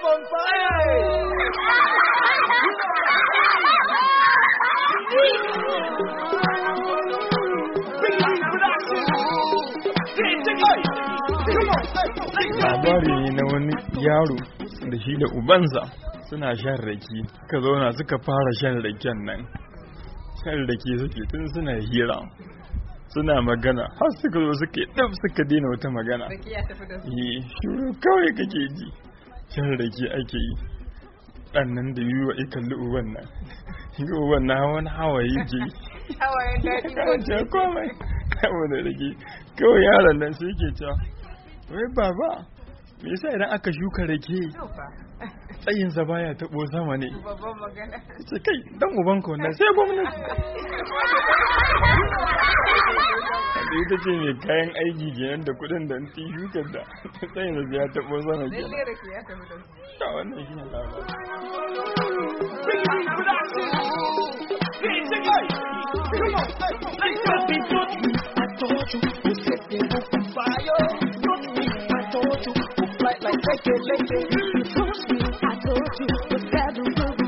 Labari on na wani yaro da shi da ubansa suna shan rake suka zauna suka fara shan raken nan shan rake suke tun suna hira suna magana har suka zo suke dab suka daina wata magana yi eh, shuru kawai kake ji cin rage ake yi ɗannan da yi wa ikan lu'u nan yi uban na hawan hawaye ke yi hawaye da ce komai rage kawai yaron nan sai ke cewa wai baba me yasa idan aka shuka rake tsayinsa baya taɓo sama ne ce kai dan ubanku wannan sai gwamnati ita ce mai kayan aiki kenan da kudin da ta yi shukar da sai yanzu ya taɓo sana ke ta wannan shi ne labarin you me. I told you,